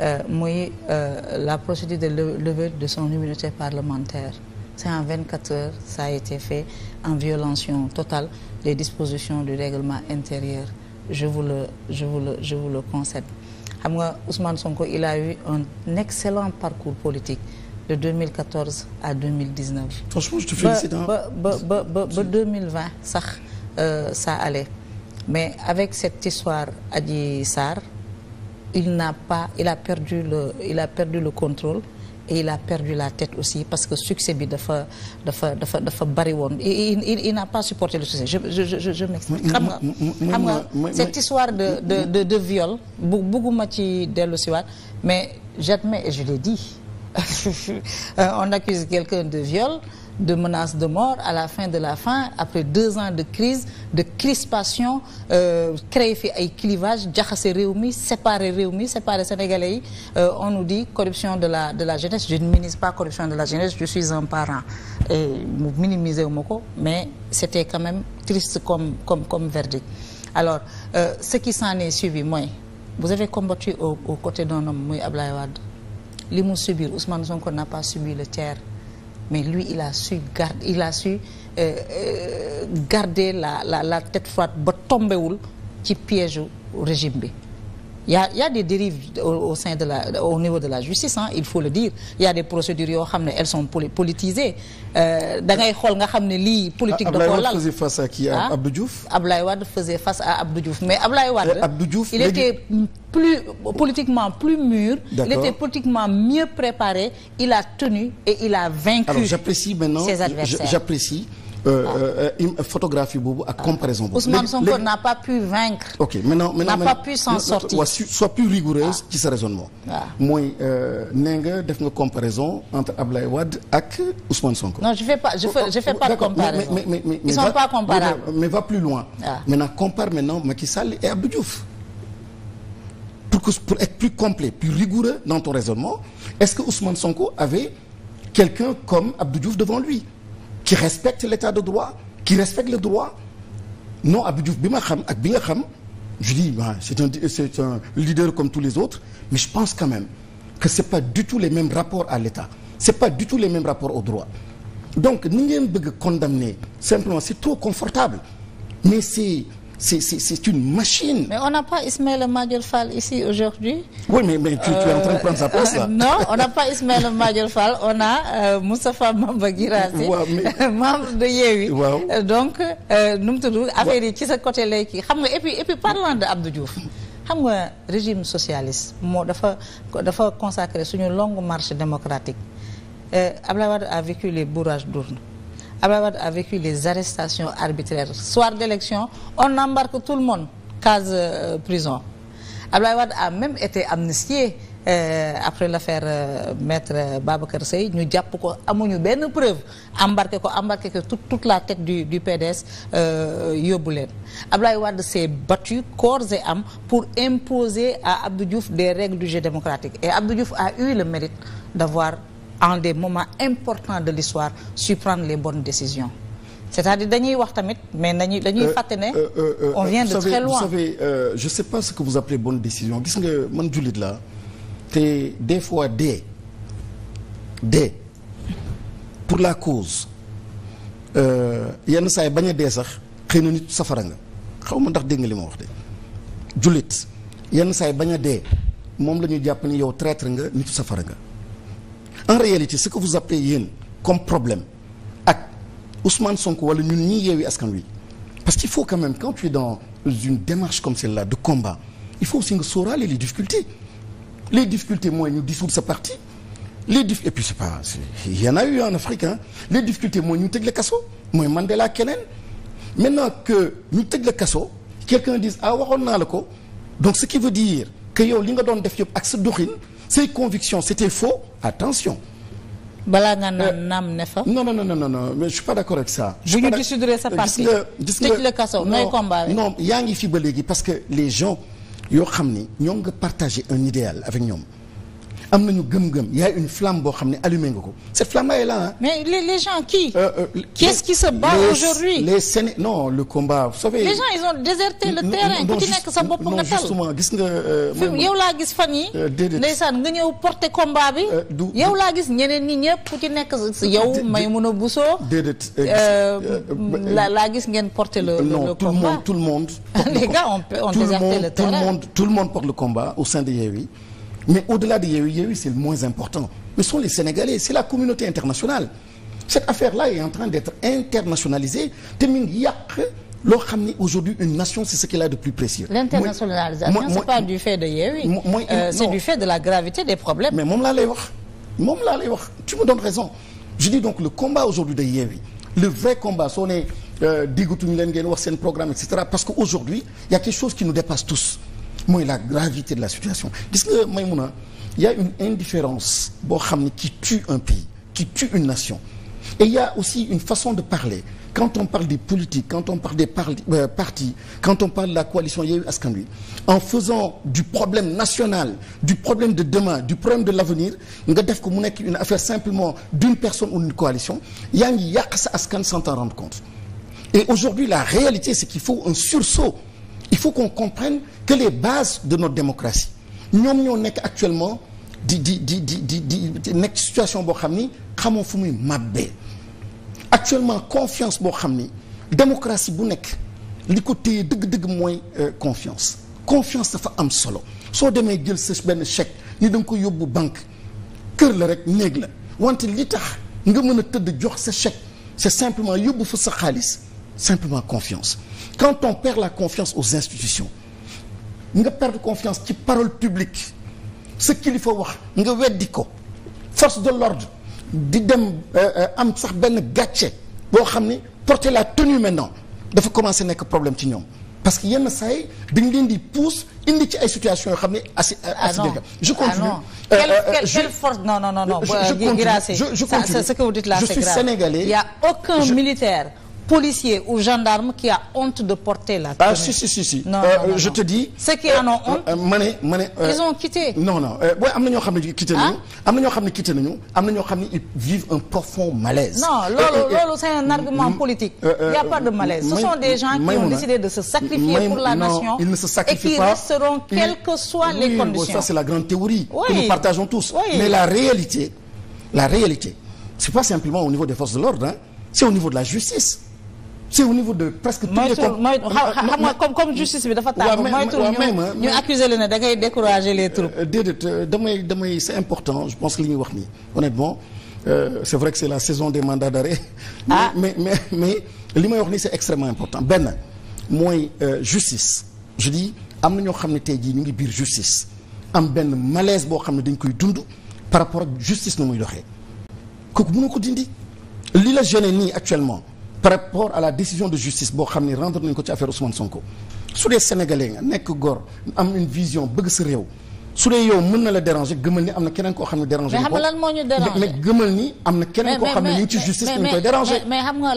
Euh, muy euh, la procédure de levée de son immunité parlementaire c'est en 24 heures ça en violation totale des dispositions du règlement intérieur je vous le je vous xam nga Ousmane Sonko il a eu un excellent parcours politique de 2014 à 2019. franchement je te félicite ba ba ba ba sax euh, ça allait mais avec cette histoire Adji il n'a pas il a perdu le il a perdu le contrôle et il a perdu la tête aussi parce que succès bi dafa dafa dafa dafa bari woon il il il n'a pas supporté le succès je je je je m'explique. xam nga xam nga cette histoire de de de de viol bu bugguma ci dellu siwaat mais j'admets et je l'ai dit. Euh, on accuse quelqu'un de viol de menace de mort à la fin de la fin après deux ans de crise de crispation euh, créé fi ay clivage jaxase réew mi séparé réew mi séparé sénégalais yi euh, on nous dit corruption de la de la jeunesse je ne minimise pas corruption de la jeunesse je suis un parent et mu minimiser wu ko mais c'était quand même triste comme comme comme verdict alors euh, ce qui s'en est suivi moi vous avez combattu au, côté d'un homme muy Ablaye Wade li mu subir Ousmane Sonko n'a pas subi le tiers mais lui il a su garde il a su euh, euh, garder la la la tête froide ba tombewul ci piège régime bi y a y a des dérives au, au sein de la au niveau de la justice hein, il faut le dire il y a des procédures yoo xam elles sont politisées euh, da ngay xool nga xam ne lii. politique da koo lal ah? Ablaye Wade faisait face à qui à Abdou Diouf. mais Ablaye Wade. Eh, Abdou Diouf il était politiquement plus mûr. il était politiquement mieux préparé il a tenu et il a vaincu. Alors, j'apprécie maintenant ses adversaires Euh, euh, euh, photographie boobu ak comparaison boobu. Ousmane Sonko n'a pas pu vaincre. ok n'a pas pu s'en plus rigoureuse ah. ci sa raisonnement. Ah. mooy nee nga def nga comparaison entre Ablaye Wade ak Ousmane Sonko. non je fais pas de comparaison mais va plus loin. Ah. maintenant compare maintenant Macky Sall et Abdou Diouf. pour que pour être plus complet plus rigoureux dans ton raisonnement est-ce que Ousmane Sonko avait quelqu'un comme Abdou devant lui. qui respecte l'état de droit qui respecte le droit non Abdou Diouf bi ma xam ak bi nga xam je dis bah, c'est un c'est un leader comme tous les autres mais je pense quand même que c'est pas du tout les mêmes rapports à l'état c'est pas du tout les mêmes rapports au droit donc ni ngeen bëgg condamner simplement c'est trop confortable mais c'est c'est c'est une machine. mais on n'a pas Ismaïla Madior Fall ici aujourd'hui mais mais tu, tu es sa euh, place là. non on n'a pas Ismaïla Madior Fall on a euh, Moustapha Mamba Guirassy. waaw mais membre de euh, donc nu mu ci sa côté lay kii xam nga et puis parlant de Abdou xam nga régime socialiste moo dafa dafa consacré suñu longue marché démocratique Abdoulaye Wade a vécu les bourrages d'urne Abdoulaye Wade a vécu les arrestations arbitraires soir d'élection on embarque tout le monde cas euh, prison Abdoulaye Wade a même été amnistié Euh, après l'affaire euh, maître baba euh, Babacar Seye ñu jàpp ko amuñu benn preuve embarqué ko embarqué ko toute toute la tête du du PDS euh, yóbbu leen Abdoulaye Wade s'est battu corps et am pour imposer à Abdou Diouf des règles du jeu démocratique et Abdou Diouf a eu le mérite d'avoir en moment important importants de l'histoire su prendre les bonnes décisions c'est-à-dire dañuy wax tamit mais nañu dañuy euh, fàtte ne euh, euh, on vient de très loin vous savez je sais pas ce que vous appelez bonne décision gis nga man jullit la te des fois dee dee pour la cause yenn saa yi bañ a dee sax xëy na nit safara nga xaw ma ndax dégg li ma wax de jullit yenn saa bañ a dee moom la ñu jàpp ni yow traître nga nitu safara nga en réalité ce que vous appelez yéen comme problème ak Ousmane Sonko wala ñun ñii yeewi askan wi parce qu'il faut quand même quand tu es dans une démarche comme celle-là de combat il faut aussi nga sóoraale les difficultés les difficultés mooy ñu dissoudre sa parti les dif et puis c'est pas il y en a eu en Afrique mooy ñu tëj la kaso mooy Mandela keneen maintenant que ñu tëj la kaso quelqu'un dise ah waxoon naa la ko donc ce qui veut dire que yow li nga doon def yëpp ak sa doxin say convictions c'était faux attention. balaa nga euh, naan naam ne fa. non non no non non mais je suis pas d'accord avec ça. bu ñu dissoudre sa parti. gis nga tëj la kaso nooy combat non yaa ngi fi ba léegi parce que les gens yoo xam ni ñoom nga partagé un idéal avec ñoom. am nañu gëm-gëm y une flamme boo xam ne allumé nga ko cette flamme là est là mais les les gens qui. Euh, euh, qu'est-ce qui se bat aujourd'hui les Séné non le combat vous savez. les gens ils ont déserté le terrain. ku ci nekk sa bopp nga tal non gis nga. Euh, yow laa gis fan yi euh, déedéet ndeysaan nga ñëw porter combat bi. Euh, du yow laa gis ñeneen ñi ñëpp ku ci nekk yow. Maïmouna Bousso. déedéet la laa gis ngeen porte le. combat non tout le monde tout le monde. les gars on peut on déserté le terrain tout le monde tout le monde au sein mais au-delà de Yewwi Yewwi c'est le moins important mais ce sont les Sénégalais c'est la communauté internationale cette affaire-là est en train d'être internationalisée te min yàq loo xam ne aujourd'hui une nation c'est ce qu'elle a de plus précieux l'internationalisation c'est pas du fait de Yewwi euh, c'est de la gravité des problèmes mais moom laa lay wax moom laa lay wax tu me donnes raison je dis donc le combat aujourd'hui de Yewwi le vrai combat soo ne euh, diggatuñu wax seen programme etc parce que aujourd'hui il mooy la gravité de la situation gis nga Maïmouna y a une indifférence boo xam ne qui tue un pays qui tue une nation et il y aussi une façon de parler quand on parle des politiques quand on parle des parti euh, partis quand on parle de la coalition Yewwi Askan Wi en faisant du problème national du problème de demain du problème de l'avenir nga def ko mu nekk une affaire simplement d'une personne ou d'une coalition yaa ngi yàq sa askan sans t'en rendre compte et la réalité c'est qu'il faut un sursaut il faut qu'on comprenne que les bases de notre démocratie ñoom ñoo nekk actuellement di di di di di di nekk situation boo xam ni xamoo fu muy màbbee actuellement confiance boo xam ni démocratie bu nekk li ko téye dëgg-dëgg mooy euh, confiance confiance dafa am solo soo demee jël sa benn chèque ni da nga ko yóbbu banque kër la rek néeg la wante li tax nga mën a tëdd jox sa chèque c'est simplement yóbbu fa sa xaalis simplement confiance quand on perd la confiance aux institutions nga perdre confiance ci parole publique sa kilifa wax nga weddi ko force de l'ordre di dem euh, euh, am sax benn gàcce boo xam ni porter la tenue maintenant dafa commencer nekk problème ci ñoom parce que yenn saa yi dañ leen di pousse indi ci ay situation yoo xam ne assi assi je ah continue ah quelle, quelle, quelle je, force je, je, je continue, Je suis sénégalais. Il y a aucun militaire policier ou gendarme qui a honte de porter la ah, tenue. Ah si si si euh, je te dis. ceux qui en euh, honte. ma ne ma ne. ils ont quitté. non non booy euh, am na ñoo xam ne quitté nañu. Ah? am na ñoo xam ne quitté nañu am na ñoo xam ne ils vivent un profond malaise. non loolu loolu c'est un a pas de malaise. ce sont des gens qui ont décidé de se sacrifier pour la nation. ils ne sacrifient et qui resteront quelles que soient les conditions. ça c'est la grande nous partageons tous. mais la réalité la réalité c'est pas simplement au niveau des forces c'est au niveau de presque. tous les com mooy xam nga comme comme justice bi dafa tàng. waaw mais ma ñu accuser la ne da ngay décourager les troupes. Euh, déedéet euh, damay damay c'est important je pense que li ñuy wax nii honnêtement euh, c'est vrai que c'est la saison des mandats d'arrêt. ah mais mais mais li may wax nii c'est extrêmement important benn mooy justice je dis am na ñoo xam ne tey jii ñu ngi biir justice am benn malaise boo xam ne dañ koy dund par rapport ak justice nu muy doxee kooku mënu ko dindi li la gêné nii actuellement. par rapport à la décision de justice boo xam ni rendre nañ ko ci affaire Ousmane Sonko su dee sénégalais nga nekk góor am une vision bëgg sa réew su dee yow mën na la déranger gëmal ni am na keneen koo xam ne déranger. mais xam nga lan moo ñu déranger mais xam ne